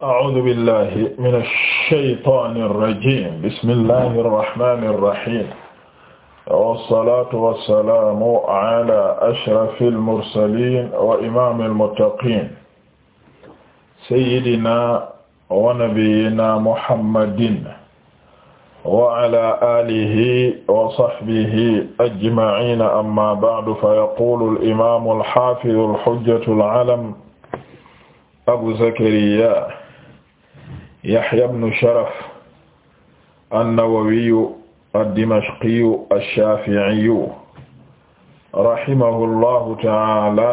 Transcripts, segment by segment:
a'uuzu billaahi mina shaytaani rajiim bismillaahi rahmaani rahiim wassalaatu wassalaamu alaa ashrafil mursaliin wa imaamil muttaqiin sayyidinaa wa nabiyyinaa muhammadin wa alaa aalihi wa sahbihi ajma'iin ammaa ba'du fayaquulul imaamul haafizu hujjatul alam abu zakariyaa Yahya ibn Sharaf an-Nawawiyu ad-Dimashqiyu ash-Shafi'iyu rahimahullahu ta'ala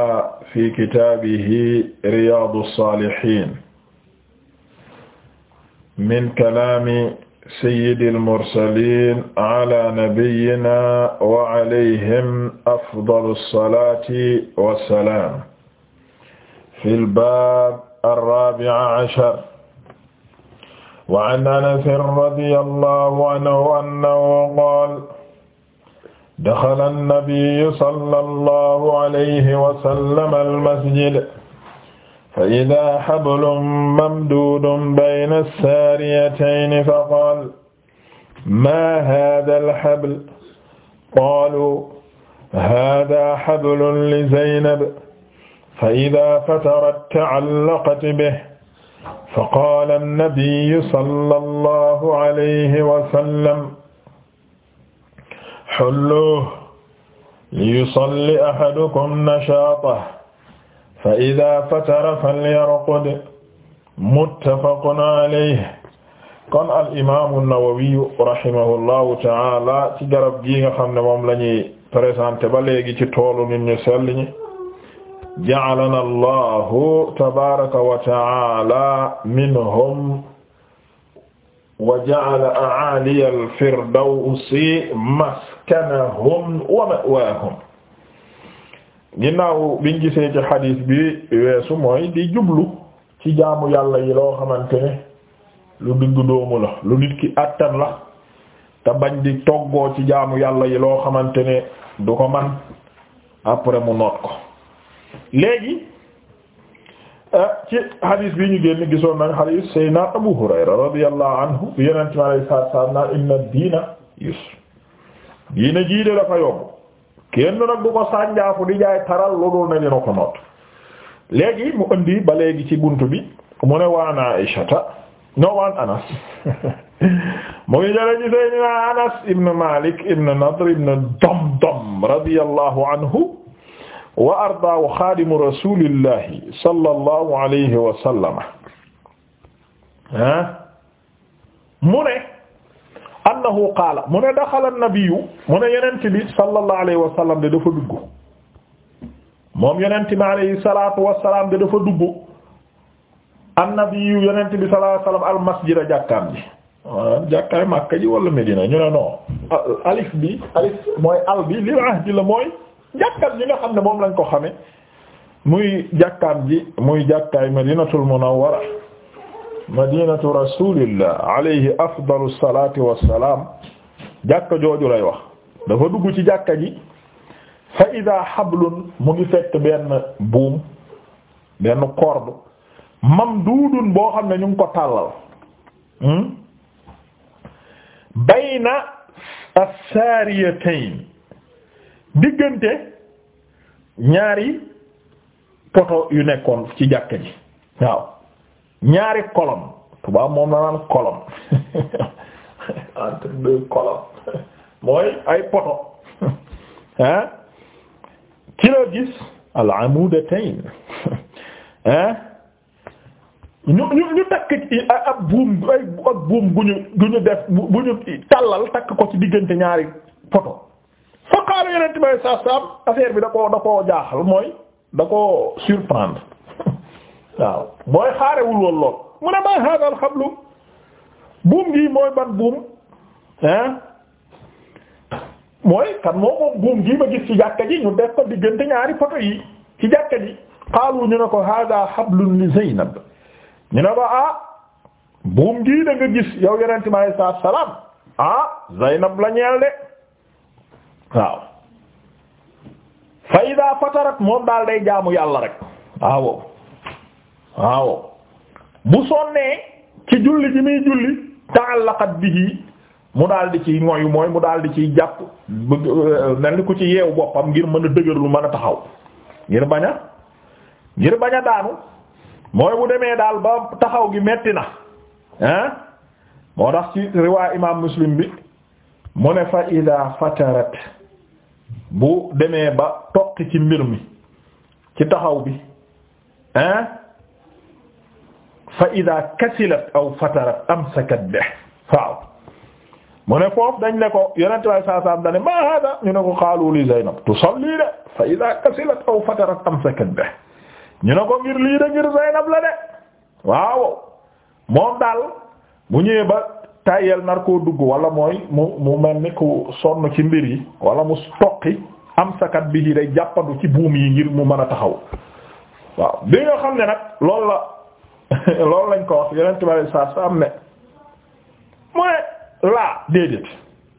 fi kitaabihi Riyaadu s-Saalihiin min kalaami sayyidil mursaliin ala nabiyyinaa wa alayhim afdalu s-salaati wa s-salaam fil baab ar-raabi' ashar wa an Anas radiyallahu anhu annahu qaala daxala an-nabiyyu sallallahu alayhi wa sallam al-masjid fa-idhaa hablun mamduudun bayna as-saariyatayni fa-qaala maa haadha al-hablu qaaluu haadha hablun li Zaynab fa-idhaa fatarat ta'allaqat bihi فقال النبي صلى الله عليه وسلم حلوه ليصلي أحدكم نشاطه فإذا فتر فليرقد متفق عليه kon al imaamu Nawawi rahimahullahu taala ci garab gi nga xam ne moom la ñuy présenté ba léegi ci toolu nit ñu sell ñi ja'alana allahu tabaraka wa ta'ala minhum wa gisee ci bi weesu mooy di jublu ci jaamu yàlla yi loo xamante ni lu diggu doomu la lu nit ki àttan la te bañ di toggoo ci jaamu yàlla yi loo xamante ne du ko man après mu noot ko léegi euh, ci hadis bi ñu génn gisoon nañ hadis Seydina Abu Hurayra radiyallahu anhu yeneen ci ma lay saa inna diina yusr diina jii dafa yomb kenn nag du ko sànjaafu di taral loolu ne dina ko noot léegi mu indi ba léegi ci buntu bi mu ne waan Aysata no waan Anas mu ngi jële ci Anas ibn Malik ibn Nadr ibn Damdam radiyallahu anhu wa ardaahu xaadimu rasulillahi sallallahu alayhi wa sallam ah mu ne annahu qaala mu ne daxala nabiyu mu ne yonent bi sallallahu alayhi wa sallam de dafa moom yonent bi alayhi salaatu wa salaam de dafa dugg annabiyu yonent bi sallallahu Makka ji wala Medina ñu ne alif bi alif mooy al bi lil ahdi la mooy. jàkkaam ñi nga xam ne moom lañ ko xame muy jàkkaam ji muy jàkkaay madinatul munawwara madinatu rasulillah alayhi afdalu salati wassalam jàkka jooju lay wax dafa dugg ci jàkka ji fa ida hablun mu ngi fekk ben buum benn corde mamduudun boo xam ne ñu ngi ko tàllal hmm? bayna as-saariyatayn diggante ñaari poto yu nekkoon ci jàkka ji waaw ñaari colonne tubaab moom na naan colonne entre deux colonnes mooy ay poto hein ci la gis al amudatayn hein ñu ñu ñu takk ci ab buum ay ab takk ko ci diggante ñaari poto fa qaala yonent bi saa saam affaire bi da koo da koo jaaxal mooy da koo surprendre waaw mooy xaarewul woon lool mu ne maa haadal xablu buum gi mooy ban buum hein mooy kan moo moom buum gi ma gis ci jàkka ji ñu def ko diggante ñaari poto yi ci jàkka ji xaalu ñu ne ko hada xablu li Zaynab ñu ne ko ah buum gi da gis yow yonent bi saa salaam ah Zaynab la ñeel de waaw fa ida fatarat moom daal day jaamu yàlla rek waaw waaw bu sonnee ci julli ji muy julli ta'allaqat bihi mu daal di ci moy mu daal di jàpp euh, mel ni ku ci yeew boppam ngir mën a dëgërlu mën a taxaw ngir bañ a ngir bañ a daanu mooy bu demee daal ba taxaw gi metti na ah moo tax ci riwaa imaam muslim bi mu ne fa fatarat bu demee ba toqi ci mbir mi ci taxaw bi ah fa ida kasilat aw fatarat amsakat be waaw mu ne foofu dañ ne ko yonente way saasaam dane ma hada ñu ne ko xaalu li Zaynab tusalli de fa ida kasilat aw fatarat amsakat be ñu ne ko ngir lii de ngir Zaynab la de waaw moom daal bu ñëwee ba tayel nar koo dugg wala mooy mu mu mel ni sonn ci mbir yi wala mu waqi am sakat bi day jàppandu ci buum yi ngir mu mën a taxaw waaw bi nga xam ne nag lool la loolu lañ ko wax yeneen tubaab yi saa saa am ne mu ne laa déedéet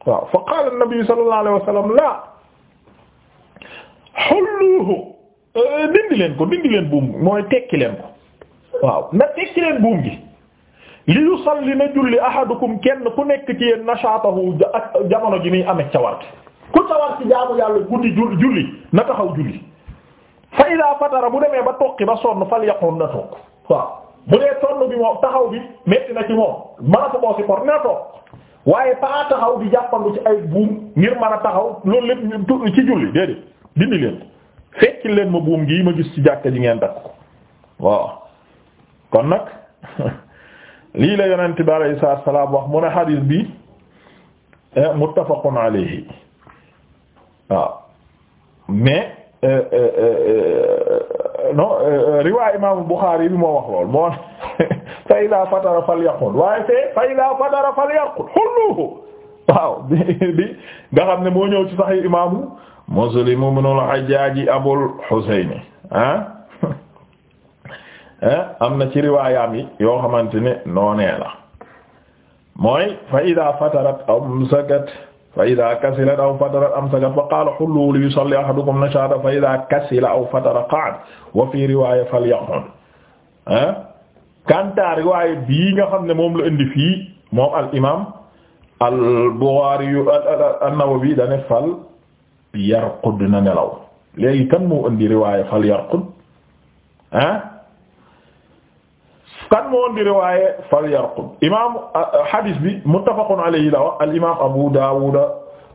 waaw fa qaala an-nabi sallallahu alayhi laa hulluhu dindi leen ko dindi leen buum mooy tekki leen ko waaw na tekki leen buum gi li yusalli na julli ahadukum kenn ku nekk ci yéen nashaatahu jamono ji muy amee cawarte ku sawar ci jaamu yàlla guddi jul julli na taxaw julli fa fatara bu demee ba toqi ba sonn fal yaqum na toog waaw bu dee sonn bi moom taxaw bi metti na ci moom mën ko boo si por na toog waaye paa taxaw di jàppandu ci ay buum ngir mën a taxaw loolu lépp ci julli déedéet dindi leen fekki leen ma buum gi ma gis ci jàkka ji ngeen dakk waaw kon nag lii la yonent bi alayhi salaam wax mu ne xadiis bi eh, muttafaqun alayhi waaw mais euh, euh, euh, non riwaay imaamu Buxaari bi moo wax lool moo fa idaa fatara falyaqul waaye fee fa idaa fatara falyaqul hulluhu waaw bi nga xam ne moo ñëw ci Sahih imaamu Muslim ibn al-Hajjaj Abul Husayn ah? eh, am na ci riwaayaam yi yoo xamante ne noonee la mooy fa idaa fatarat amsakat fa ida kasila aw fatara amsaka fa qaala hullu li yusalli ahadukum nashata fa ida kasila aw fatara qa'ad wa fi riwaya falyaq'ud ah kanta riwaya bii nga xam ne moom la indi fii moom al imam al Bukhari an-Nawawi dane fal yarqud na nelaw léegi kan moo indi riwaya fal yarqud ah kan moo di riwaaye fal yarqub imaam hadis bi muttafaqun alayhi la wax al imaam Abu Dawud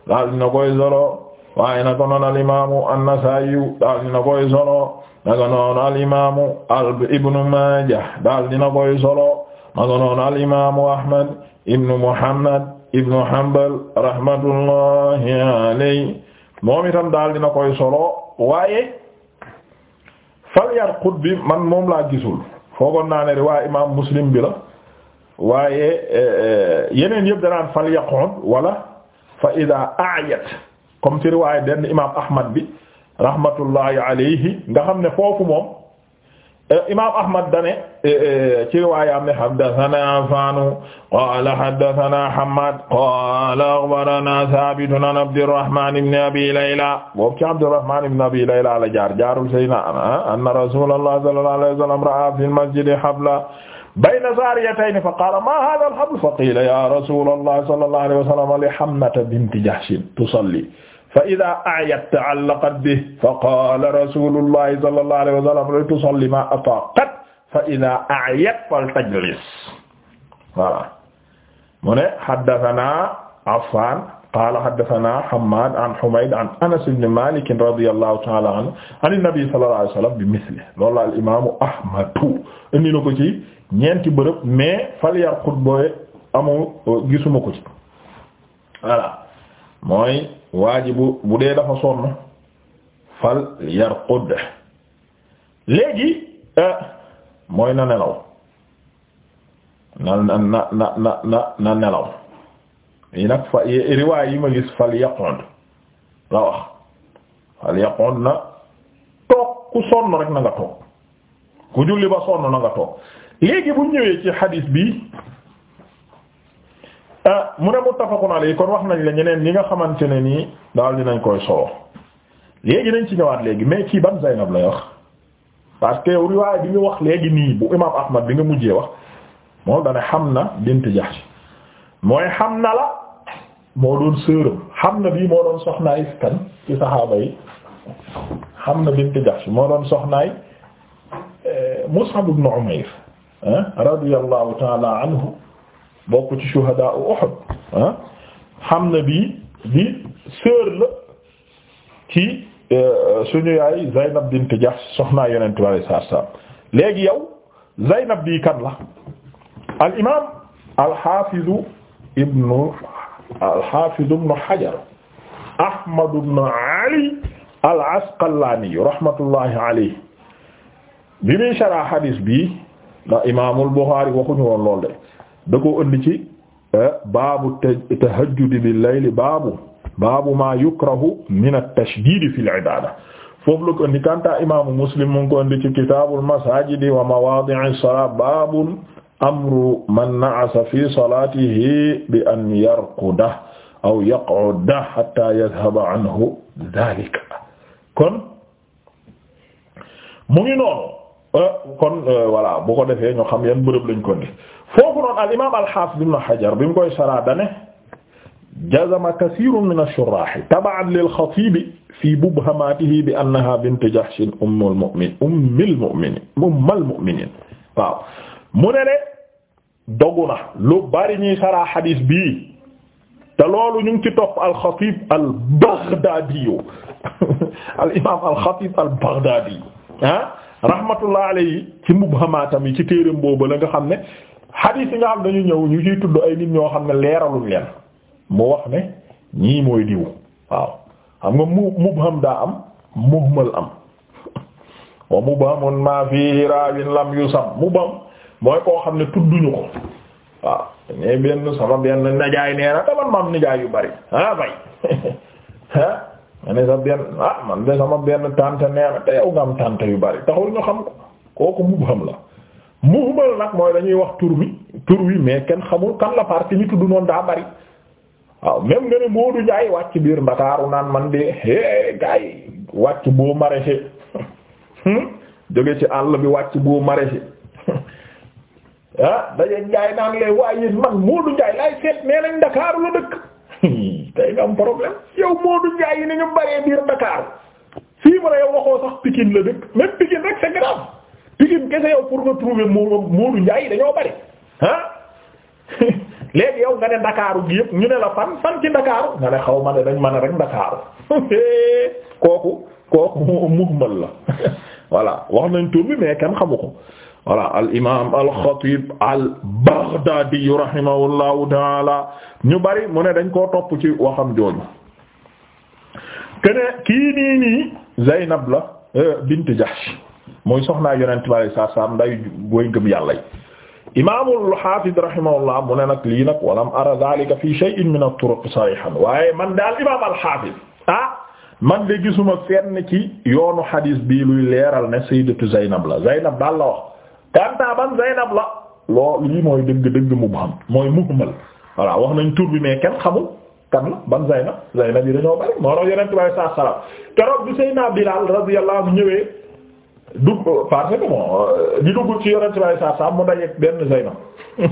daal dina koy solo waaye naka noonu al imaamu an-Nasaa'i daal dina koy solo naka noonu al imaamu Ibn Maajah daal dina koy solo naka noonu al imaamu Ahmad ibn Muhammad ibn Hanbal rahmatullahi alayhi moom itam daal dina koy solo waaye fal yarqub bi man moom laa gisul. foogoon naa ne riwaay imaam muslim bi la waaye eh, eh, yeneen yëpp danaan fal yaqud wala fa ida ayat comme ci riwaay benn imaam ahmad bi rahmatullahi alayhi nga xam ne foofu moom Eh, imaam Ahmad dane eh, eh, ci riwaayaam ne haddasanaa Afaanu qaala haddasanaa Hammaad qaala axbaranaa Saabitun an Abdirrahmaan ibn Abii Laylaa boobu ci Abdirrahmaan ibn Abii Laylaa la jaar jaarul Seydina anna Rasuulallaah sallallaahu alayhi wa sallam ra'aa fil masjidi hablan bayna zaariyatayni faqaala maa haazal hablu faqiila yaa Rasuulallaah sallallaahu alayhi wa sallam li Hamnata binti Jahshin tusallii fa ida ayat ta'allaqat bi fa qala rasulullahi sallallahu alayhi wa sallam la tusalli ma ataqat fa ida ayat fal tajlis voilà mu ne haddathana Affan qala haddathana Hammad an Humayd an Anas ibn Malik radiyallahu ta'ala anhu an an-nabi sallallahu alayhi wa sallam bi misli loolu al imaamu Ahmad indi na ko ci ñeenti bërëb mais fal yarqut booy amu gisuma ko ci voilà mooy waajibu bu bu dee dafa sonn fal yarqud léegi euh, mooy na nelaw na na na na na nelaw yi nag fa riwaay yi ma gis fal yaqud la wax fal yaqud na toog ku sonn rek na toog ku julli ba sonn na toog léegi bu ñëwee ci hadith bi Ah, mu ne muttafaqun yi kon wax nañ la ñeneen ñi nga xamante ne nii daal dinañ koy solo léegi nañ ci ñëwaat léegi mais ci ban Zaynab lay wax parce que riwaay bi ñu wax léegi nii bu imaam Ahmad bi nga mujjee wax moom dana na bint Jahsh mooy Hamna la moo doon sërëm na bii moo doon soxnaay kan ci saxaaba yi Hamna bint Jahsh moo doon soxnaay eh, Mus'ab ibn Umayr eh, radiyallahu ta'ala anhu bokk ci shuhadaa u Uhud ah xam na bi bi sœur la ci euh, suñu yaay Zaynab bint Jahsh soxnaa Yonent bi sallallahu alayhi wasallam léegi yow Zaynab bi kan la al imaam al haafiz ibnu al haafiz ibnu Hajar Ahmad ibnu Ali al Asqalaani rahmatullahi alayhi bi muy sharh hadis bi la imaamul Buxaari waxuñu woon lool de. da ko ëndi ci eh, baabu tahajjudi bil layli baabu baabu ma yukrahu min at-tashdid fil ibada foofu la ko ëndi kanta imaamu muslim mu ngi ko ëndi ci kitaabul masaajidi wa mawaadi'i salaat baabun amru man na'asa fi salaatihi bi an yarkuda aw yaq'uda hatta yadhhaba anhu dhaalika kon mu ngi noonu eh, kon eh, voilà bu ko defee ñu xam yan bërëb lañ ko ëndi foofu noonu al imaam al-Haafiz ibn Hajar bi mu koy saraa dane jazama kasiirun min ash-shurraah taba'an lil-Xatiib fii mubhamaatihi bi annahaa bint Jahsh ummul mu'miniin ummul mu'miniin ummul mu'miniin waaw mu ne de dogu na lu bari ñuy saraa xadiis bii te loolu ñu ngi ci topp al-Xatiib al-Baghdaadi al-imaam al-Xatiib al-Baghdaadi ah rahmatullah alayhi ci mubhamaatam yi ci téereem boobu la nga xam ne. xadiis yi nga xam dañu ñëw ñu ciy tudd ay nit ñoo xam ne leeraluñ leen mu wax ne ñii mooy diw waaw xam nga mu mubham daa am muhmal am wa mubhamun ma fi raawin lam yusam mubham mooy koo xam ne tudduñu ko waaw ne benn sama benn najaay nee na daman maam nijaay yu bari ah bay ah ne sa benn ah man de sama benn tante nee te yow nga am tante yu bari taxul ñu xam ko kooku mubham la muhmal nag mooy dañuy wax tur bi tur wi mais kenn xamul kan la parce que tudd noonu daa bari waaw même nga ne Moodu Njaay wàcc biir Ndakaaru naan man de hee gars yi wàcc boo maraîcher hmm? jóge ci àll bi wàcc boo maraîcher ah daje Njaay naan lay waaye man Moodu Njaay laay seet nee nañ Ndakaaru la dëkk tey nga am problème yow Moodu Njaay yi ni ñu baree biir Ndakaaru fii ma la yow waxoo sax Pikine la dëkk même Pikine rek c'est grave Pikine kese yow pour nga trouver Modou Modou Ndiaye dañoo bari ah léegi yow nga ne Ndakaaru gi yëpp ñu ne la fan fan ci Ndakaaru nga ne xaw ma ne dañ mën a rek Ndakaaru kooku kooku muhmal la wala wax nañ tur bi kenn xamu ko voilà al imaam al xatiib al baghdaadi rahimahullahu taala ñu bari mu ne dañ koo topp ci waxam jooju kene kii nii nii Zaynab la eh, bint Jahsh mooy soxnaa yonent bi alayhi salaatu salaam nday booy ngëm yàlla yi imaamul haafid rahimahullah mu ne nag lii nag walam ara zalika fi shay'in min at-turuq sarihan waaye man daal imaam al-haafid ah man de i fenn ci yoonu hadis bii luy leeral ne sayyidatu Zaynab la Zaynab daal la wax kantaa ban Zaynab la lool lii mooy dëgg dëgg mubham mooy muhmal voilà wax nañ tur bi mais kenn xamul kan ban Zaynab Zaynab yi dañoo bari moo tax yonent salaam keroog bi Sayyidina Bilaal radiyallahu anhu ñëwee du euh, parce que bon euh, di dugg ci yonent bi saa saa mu dajeek benn Zaynab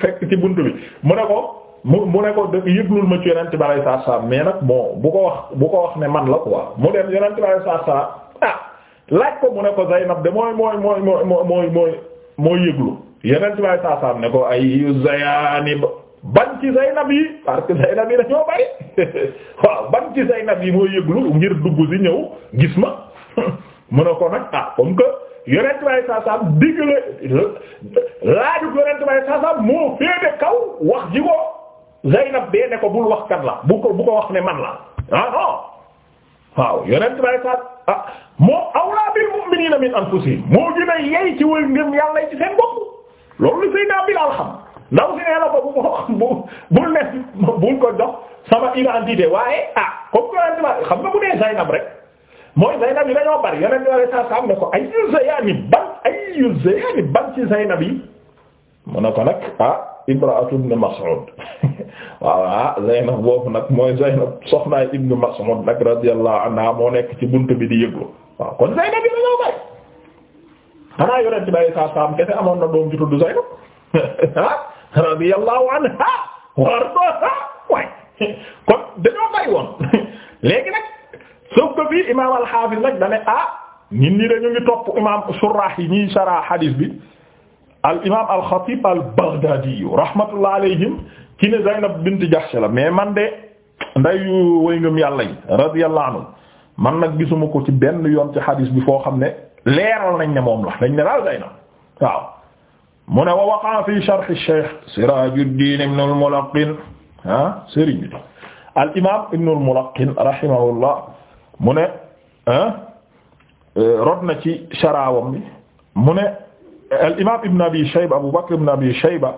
fekk ci bunt bi mu ne ko mu mu ne ko yëglul ma ci yonent saa saa mais nag moo bu ko wax bu ko wax ne man la quoi mu dem yonent bi saa saa ah laaj ko mu ne ko Zaynab de mooy mooy mooy mooy mooy mooy mooy yëglu yonent bi saa saa ne ko ay ba ban ci Zaynab yi parce que Zaynab yi dañoo bari waaw ban ci Zaynab yi mooy yëglu ngir dugg ci ñëw gis ma. mu ne ko nag ah comme que yonent bay saasaam digle laaju yonent bay saasaam moo féete kaw wax ji ko Zaynab bee ne ko bul wax kat la bu ko bu wax ne man la ah non ah. waaw yonent bay saas ah min anfusihim moo gën a yey ci wër ngëm yàlla ci seen bopp loolu sëy naa Bilaal xam ndaw si nee la ko bu bu bul ne bul ko jox sama identité waaye ah comme que yonent bay xam nga bu Zaynab rek. mooy Zaynab dañoo bari yonent bi sallallahu alayhi wasallam ne ko ayyu zayaani ban ayyu zayaani ban ci Zaynab mu ne ko nag ah imra'atu ibn waaw ah Zaynab boobu nag mooy Zaynab soxnaay ibn Mas'ud nag radiyallahu anha moo nekk ci bunt bi di yëglu waaw kon Zaynab dañoo bari xanaa yonent bi sallallahu alayhi wasallam kese amoon na doom ju tuddu Zaynab ah radiyallahu anha warda ah, waay kon dañoo bari woon léegi nag sauf que fii imaam al nag da ne ah, ngi topp imaam surah yi ñiy sarah hadis bi al imaam al-Khatib al-Baghdadi rahmatullah alayhim ci ne bint Jahsh la mais man de nday way ngam yàlla yi radiyallahu anhu man nag gisuma ko ci benn yoon ci hadis bi foo xam ne leeral nañ ne moom la dañ ne daal mu ne waqa'a fi sharh ash-shaykh Sirajuddin ibn al ah, al imaam ibn mu ne euh, rod na ci sharaawam bi mu ne al imaam ibn abi shayba abu bakr ibn abi shayba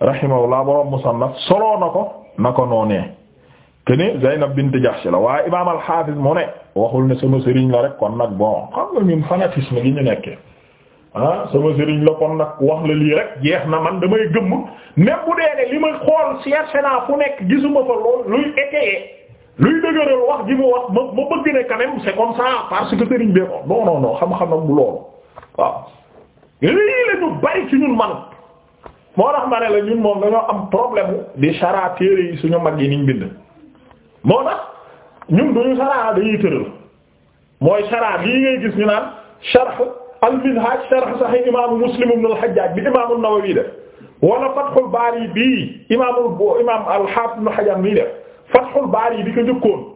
rahimahullah borom musannaf soloo na ko na ko noonee kene Zaynab bint Jahsh waa waaye imaam al-Hafiz mu ne waxul na sama sëriñ la rek kon nag bon xam nga ñun fanatisme gi ñu nekkee ah sama sëriñ la kon nag wax la lii rek jeex na man damay gëmm même bu ne li ma xool cherché naa fu nekk gisuma fa lool luy étayé luy dëgëral wax ji mu wax ma ma bëgg ne quand même c'est comme ça parce xam-xam nag bu loolu waaw lii la ñu bari ci ñun man moo tax ma ne la ñun moom dañoo am problème di chara téere yi suñu mag yi niñ bind moo tax ñun duñu chara dañuy tëral mooy chara lii ngay gis ñu naan sharh al-Minhaj sharh Sahih imaamu Muslim ibn al-Hajjaj bi imaamu An-Nawawi def wala Fathul Bari bii imam al-Hafiz Ibn Hajar mi def Fathul Baari bi ko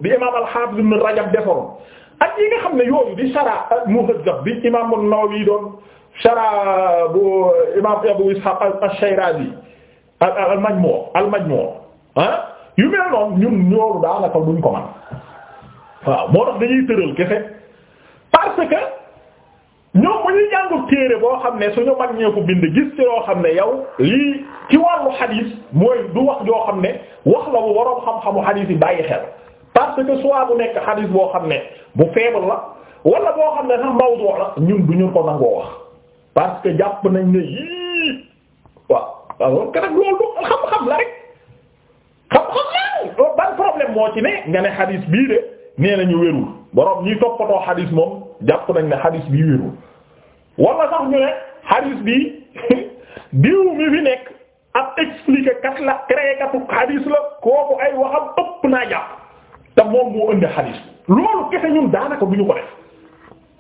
bi imaam al-Haafiz Rajab defaroon ak yi nga xam ne yooyu di shara Muhazzab bi imaam an-Nawawi doon Abu Ishaq al-Majmu' al-Majmu' ah? yu mel noonu ñun ñooru daanaka duñ ko man waaw moo ñoom bu ñu jàngu téere boo xam ne suñu mag ñee ko bind gis ci loo xam ne yow lii ci wàllu xadiis mooy du wax joo xam ne wax la bu waroon xam bàyyi xel parce que soit bu nekk xadiis boo xam ne bu faible la wala boo xam ne sax mawdu la ñun du parce que jàpp nañ waaw alors que nag loolu xam-xam la rek xam-xam la ban problème moo ci ne nga ne xadiis bii de nee nañu wérul borom ñi toppatoo xadiis moom. jàpp nañ ne xadis bi wérul wala sax ñu ne xadis bi diw mi fi nekk ab expliqué kat la créé katu xadis la kooku ay waxam ëpp naa jàpp te moom moo indi xadis loolu kese ñun daanaka bu ñu ko def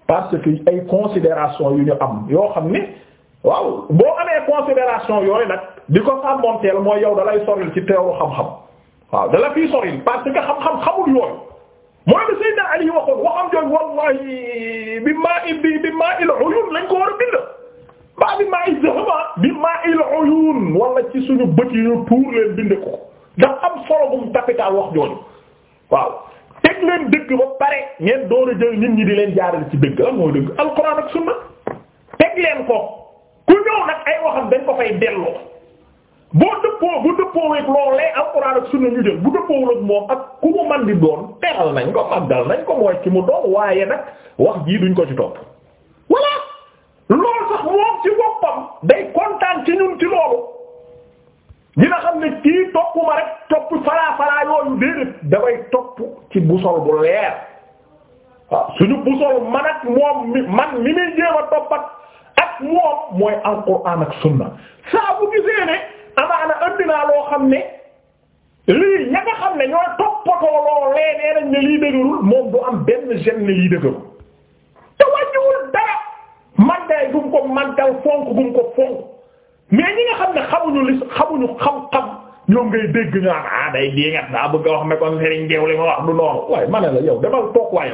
parce que ay considération yu ñu am yoo xam ne waaw boo amee considération yooyu nag di ko sàmmonteel mooy yow dalay soril ci teewu xam-xam waaw dala fii soril parce que xam-xam xamul yooyu mooy bi Seydina Ali waxoon waxam jooju wallahi bi maa i bi bi maa il uyun lañ ko war a bind maa bi maa il zahaba bi maa il uyun wala ci suñu bët yi ñu tuur leen bind ko ndax am solo bu capital wax jooju waaw teg leen dëgg ba pare ngeen door a jël nit ñi di leen jaaral ci dëgg am moo dëgg alxuraan ak sunna teg leen ko ku ñëw nag ay waxam dañ ko fay delloo boo dëppoo bu dëppoo weeg loolee alxuraan ak sunna ñu jël bu dëppoowul ak moom ak ku mu man di doon teral nañ ko màggal nañ ko mooy ci mu doon waaye nag wax jii duñ ko ci topp voilà loolu sax moom ci boppam day kontaan ci ñun ci loolu dina xam ne kii topp ma rek topp falaa falaa yooyu déedéet dafay topp ci busol bu leer waaw suñu busol man ak moom man mi muy jéem a toppat ak moom mooy alxuraan ak sunna saa bu gisee ne amaana andi naa loo xam ne lii ña nga xam ne ñooy toppatoo loo lee nañ ne lii dëgërul moom du am benn gêne ne lii dëgërul te wàññiwul dara màggaay gum ko màggal fonk gum ko fonk mais ñi nga xam ne xamuñu li xamuñu xam-xam ñoom ngay dégg ñu am ah day jéegat daa bëgg a wax ne kon Serigne Gueye li ma wax du noonu waaye ma la yow demal toog waa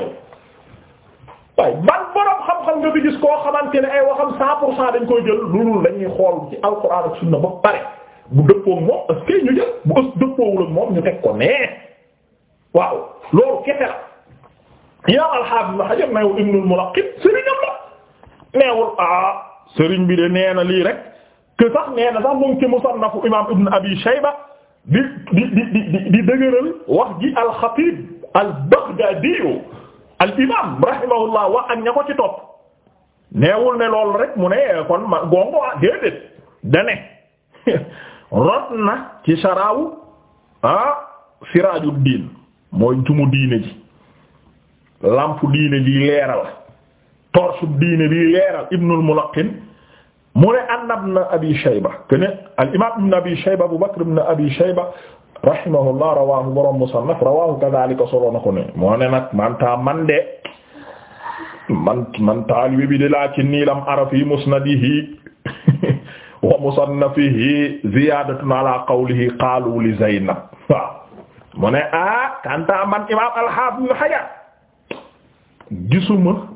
waaye man borom xam-xam nga bi gis koo xamante ne ay waxam 100 pour cent dañ koy jël loolu lañuy xool ci alxuraan bu dëppoog moom est-ce que waaw loolu kese yaa alxaafis na xajar naw neewul ah sëriñ bi de nee na lii rek que sax nee na sax mu ngi ci musannafu imam ibn abi shayba di di di di di dëgëral wax al imam rahimahullah wax ak ko ci neewul ne loolu rek mu ne kon ma gongo ah déedéet dane rot na ci saraawu ah siraaju diin mooy jumu diine ji lampu diine leeral torsu diine bi leeral ibnul mulaqin mu ne annab na abi shayba kene al imam abi shayba abu bakr ibn borom musannaf rawahu kadhalika solo na ne moo ne nag manta man de man man lam ara fi musnadihi wa musannafihi ziyaadatun ala qawlihi qaalu li Zaynab waaw mu ne ah kanta man imaam al-Haafiz Ibn Hajar gisuma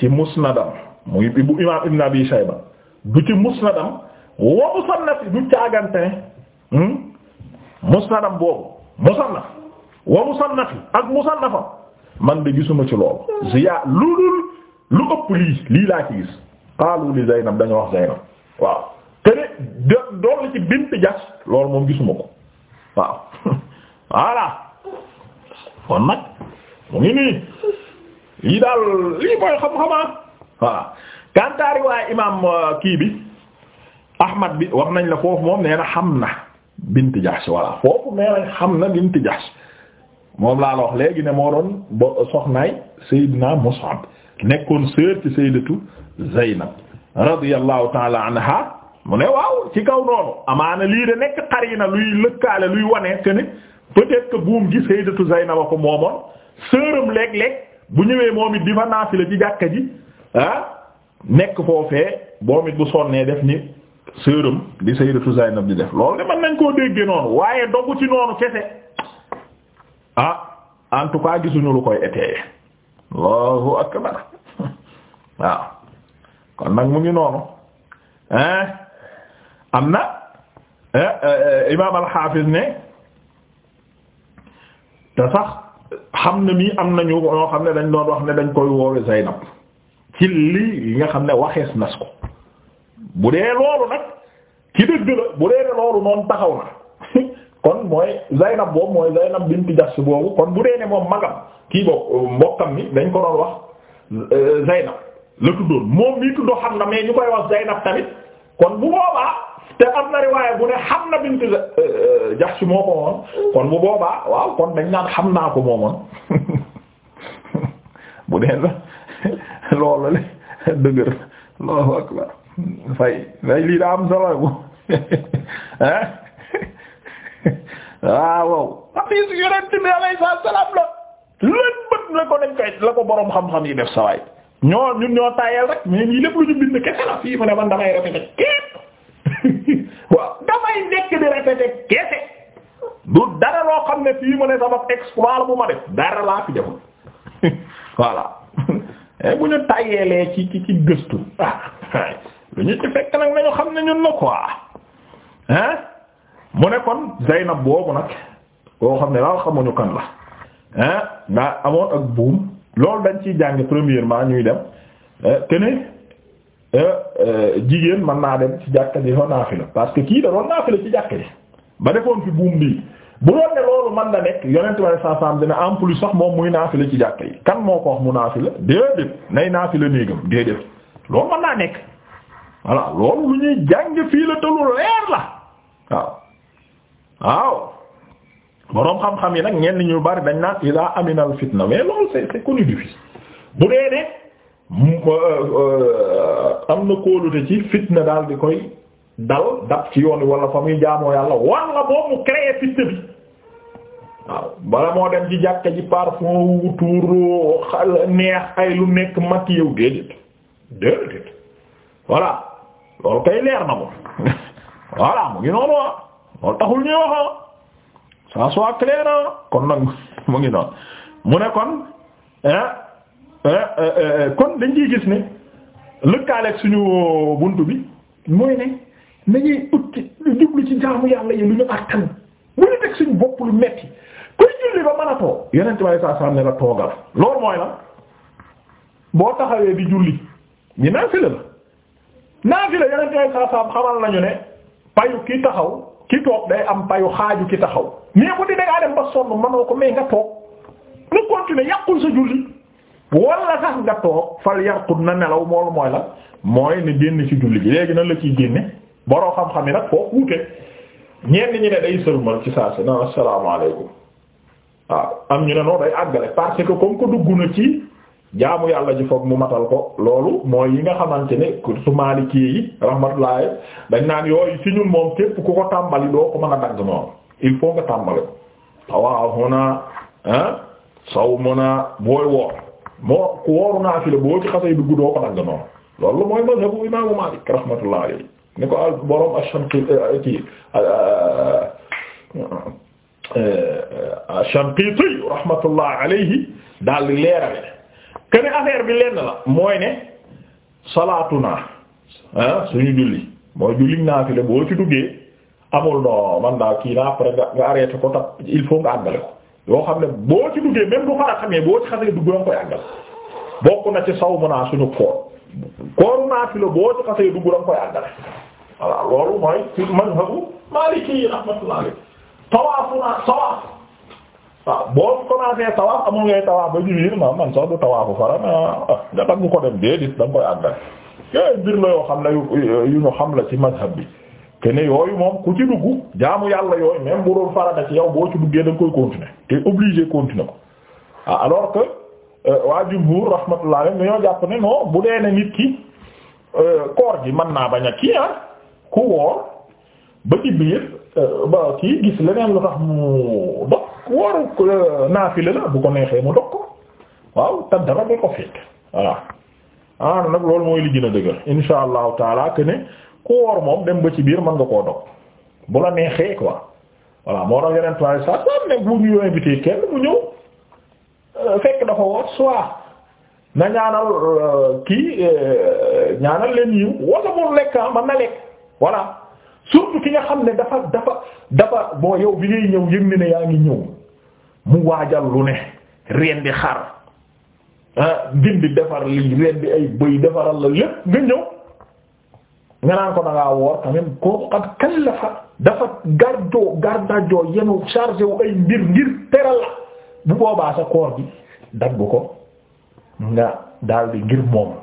ci musnadam muy bu imaam Ibn Abi Shayba du ci musnadam wa musannafi du caagante hmm? musnadam boobu musannaf wa musannafi ak musannafam man de gisuma ci loolu ziyaa lu lu lu ëpp lii lii laa ci gis qaalu li Zaynab dañu wax Zaynab waaw te de dool la ci bint jas loolu moom gisuma ko waaw voilà kon nag mu ngi nii lii daal lii mooy xam-xamaa voilà kantaari waaye imam euh, kii bi ahmad bi wax nañ la foofu moom nee na xam na bint jas voilà foofu nee na xam na bint jas moom laa la wax léegi ne moo doon ba soxnaay Seydina Mus'ab nekkoon sœur ci Sayyidatu Zaynab radiyallahu ta'ala anha mu ne waaw ci kaw noonu amaana lii de nekk na luy lëkkaale luy wane que ne peut-être que buum gi sayyidatu Zaynab ko moomoon sëram léeg-léeg bu ñëwee moom it di fa la ci jàkka ji ah, nekk foofee boom it bu sonnee def ni sëram di sayyidatu Zaynab di def loolu de mën nañ koo déggee noonu waaye dogu ci noonu kese ah en tout cas gisuñu lu koy étayé Allahu akbar waaw kon nag mu ngi noonu hein am na eh, eh, imaam alxaafis ne te sax xam na nii am nañu ñoo xam ne dañ doon wax ne dañ koy woowe Zaynab ci lii yi nga xam ne waxees nas ko bu dee loolu nag ci dëgg la bu dee ne loolu noonu taxaw na kon mooy Zaynab boobu mooy Zaynab bintu Jahsh boobu kon bu dee ne moom magam kii boobu mbokkam ni dañ ko doon wax eh, Zaynab la tuddoon moom mii tuddoo xam na mais ñu koy wax Zaynab tamit kon bu boobaa te am na riwaaya bu ne Hamna bint euh, euh, Jahsh moo ko woon kon bu boobaa waaw kon dañ naan xam naa ko moomoon bu dee la loolu dëgër Allahu akbar fay fay lii daa am solo bu ah waaw hadith Yonent bi alayhi salaam la lëpp la ko dañ koy la ko boroom xam-xam yi def sawaay ñoo ñun ñoo tayel rek mais lii lépp lu ñu bind kese la fii mu ne man damay répété képp kese du dara loo xam ne fii mu ne sama exploit bu ma def dara laa fi deful lu ñu ci fekk nag nañu xam ne ñun la quoi hein mu ne kon Zaynab boobu nag koo xam ne daal xamuñu kan la hein ndaa amoon ak buum. loolu dañ ciy jàng premièrement ñuy dem eh, que eh, eh, jigéen man naa dem ci jàkka ji fa naafila parce que kii da doon naafila ci jàkka ji ba defoon fi buum bii bu doon ne loolu mën na nekk yonent bi sallallahu alayhi wasallam dina en plus sax moom muy naafila ci jàkka yi kan moo ko wax mu naafila déedéet nay naafila néegam déedéet loolu mën naa nekk voilà loolu ñuy jàng fii la te lu leer la waaw waaw. boroom xam-xam yi nag ñenn ñu bari dañ naan laa aminal fitna mais loolu c'est c'est connu du bu dee ne euh, euh, am na kóolute ci fitna daal di koy dal dab ci yoon wala fa muy jaamoo yàlla wala boobu mu créé fitna bi waaw bala moo dem ci jàkka ji parfum tuur neex ay lu nekk mat yow déedéet déedéet voilà loolu koy leer na moom voilà mu ngi noonu ah loolu taxul ñuy wax ah. ça soit clair kon nag mu ngi noonu mu ne kon eh, eh, eh, kon dañ ciy gis ni lëkkaaleeg suñu bunt bi mooy ne nañuy ut ci jublu ci jaamu yàlla yi lu ñu àttan bu ñu teg suñu bopp lu metti kuy julli ba mën a toog yeneen ci waaye saa saa ne la toogal loolu mooy la boo taxawee di julli ñu naafila la naafila yeneen ci saa saa xamal nañu ne payu kii taxaw ki toog day am payu xaaju ki taxaw mais bu di dangaa dem ba sonn mënoo ko mais nga toog nga continuer yàqul sa julli wala sax nga toog fal yarqud na nelaw moolu mooy la mooy ne génn ci julli bi léegi nan la ciy génne boroo xam-xam yi nag foofu wuute ñenn ñi ne day sëlmal ci saa si nan asalaamaaleykum waaw am ñu ne noonu day àggale parce que comme ko dugg na ci jaamu yàlla ji foog mu matal ko loolu mooy yi nga xamante ne su Maliki yi naan yooyu ci ñun moom képp ku ko tàmbali doo ko mën a dagg noonu il faut nga tàmbali tawaahuna ah sawmuna booy woor moo ku wooru naa fi ci xasee dugg doo ko dagg noonu loolu mooy mazhabu imaamu Maalik rahmatullahi alayhi ni ko al borom Ash-Shanqiti ash alayhi daal di leerale kene affaire bi lenn la mooy ne salaatu naa ah, suñu julli mooy julli naafile boo ci duggee amul no man daa kii na après nga arrêté ko ta il faut nga àggale ko yoo xam ne boo ci duggee même bu fara xamee boo ci xasee dugg danga koy àggal bokk na ci saw mu naa suñu koor kooru naafile boo ci xasee dugg danga koy àggale voilà loolu mooy ci mazhabu Maliki rahmatullahi tawaafu naa tawaaf waaw boo commencé tawaaf amul ngay tawaaf ba jiw ma man sax du tawaafu faram ah, ah nga dagg ko dem déedéet da nga koy àndal yooyu la yoo xam ne yu ñu xam la ci mazhab bi te yooyu moom ku ci dugg jaamu yàlla yooyu même bu doon farata ci yow boo ci duggee da nga koy continuer te obligé continuer ko ah, alors que euh, waa jumhur rahmatullah rek ñoo jàpp ne non bu dee ne nit ki euh, koor gi man naa bañ a kii ah ku woor ba ci euh, ba kii gis leneen wooru euh, naafila la bu ko neexee mu dog ko waaw te dara du ko fekk voilà ah nag loolu mooy li gën a dëgër insha allahu taala que ku woor moom dem ba ci biir man nga koo dog bu la neexee quoi voilà moo tax yeneen toiles sax daal na ñaanal euh, kii euh, ñaanal leen yiw wala mu lekk ah, mën na lekk voilà surtout ki nga xam ne dafa dafa dafa bon yow bi ngay ñëw yëg ne ne yaa ngi ñëw. mu waajal lu ne reen di xar ah gindi defar li reen ay bëy defaral la lépp nga ñëw nga ko da ngaa woor quand même kooku xat kallafa dafa garjoo gardajoo yenu chargé wu ay mbir ngir teral la bu boobaa sa koor bi dagg ko nga daal di ngir moom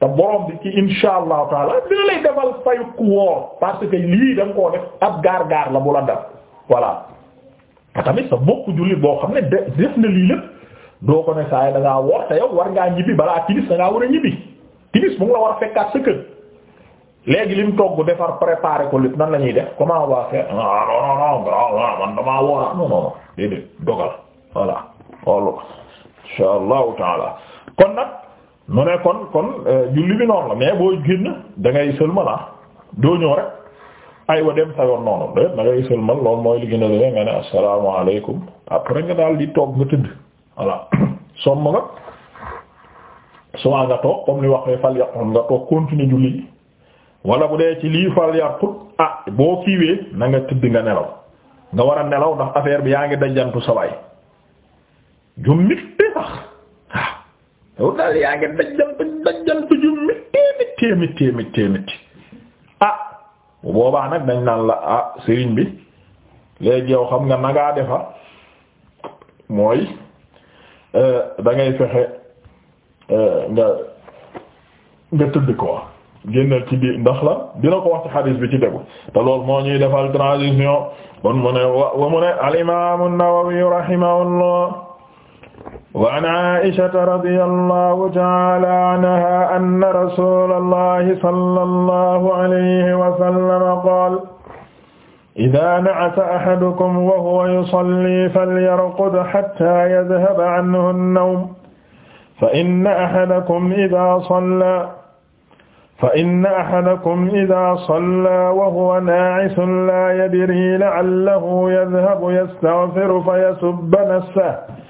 te borom bi ci insha allahu taala dina lay defal fayu ku woor parce que lii da nga koo def ab gaar gaar la bu la def voilà te tamit sa mbokku jullit boo xam ne def na lii lépp doo ko ne saa yi da ngaa te yow war ngaa ñibbi balaa timis da war a ñibbi timis mu ngi war a fekkaat sa kër léegi lim togg defar préparer ko lépp nan la ñuy def comment on va faire non non non insha allahu taala kon nag mu ne kon kon euh, julli bi noonu la mais boo génn da ngay seulement ah. doo ñëw rek. aywa dem sa yoon noonu déet da ngay loolu mooy li nga ne asalaamaaleykum après nga daal di toog nga tëdd voilà somm nga souvent nga toog comme li wax ne fal yàqoon nga toog continuer julli wala bu dee ci lii fal yàqut ah boo kiiwee na nga tëdd nga nelaw nga war a nelaw ndax affaire bi yaa ngi dajantu sa waay ju sax waaw ah. yow daal yaa ngi dajantu dajantu ju mittee mittee mittee mittee mittee ah. bu boobaa nag dañ naan la ah bi léegi yow xam nga nangaa defa mooy euh, da ngay fexe euh, nga nga tëdd ko génnal ci biir ndax la dina ko wax ci bi ci tegu te loolu moo ñuy defal transition kon mu ne wa mu ne al imam an-Nawawi wa an aishata radiyallahu ta'ala anha anna rasulallahi sallallahu alayhi wa sallam qaala idaa na'asa ahadukum wa huwa yusalli falyarqud hatta yadhhaba anhu an-nawm fa inna ahadakum idaa salla fa inna ahadakum idaa salla wa huwa naa'isun laa yadrii la'allahu yadhhabu yastaghfiru fa yasubbu nafsahu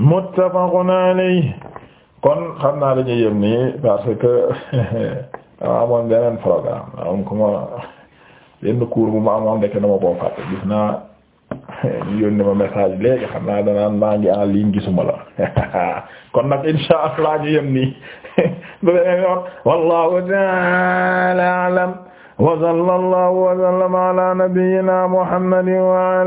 muttafaqun alayhi kon xam naa dañuy yem nii parce que amoon beneen programme amoon ku ma benn cours bu ma amoon nekk na ma koo fàtte gis naa ma message léegi xam naa danaan maa ngi en ligne gisuma la kon nag insha allah ñu yem nii bu beneen a'lam wa sallallahu wa sallama ala nabiyyina muhammadin wa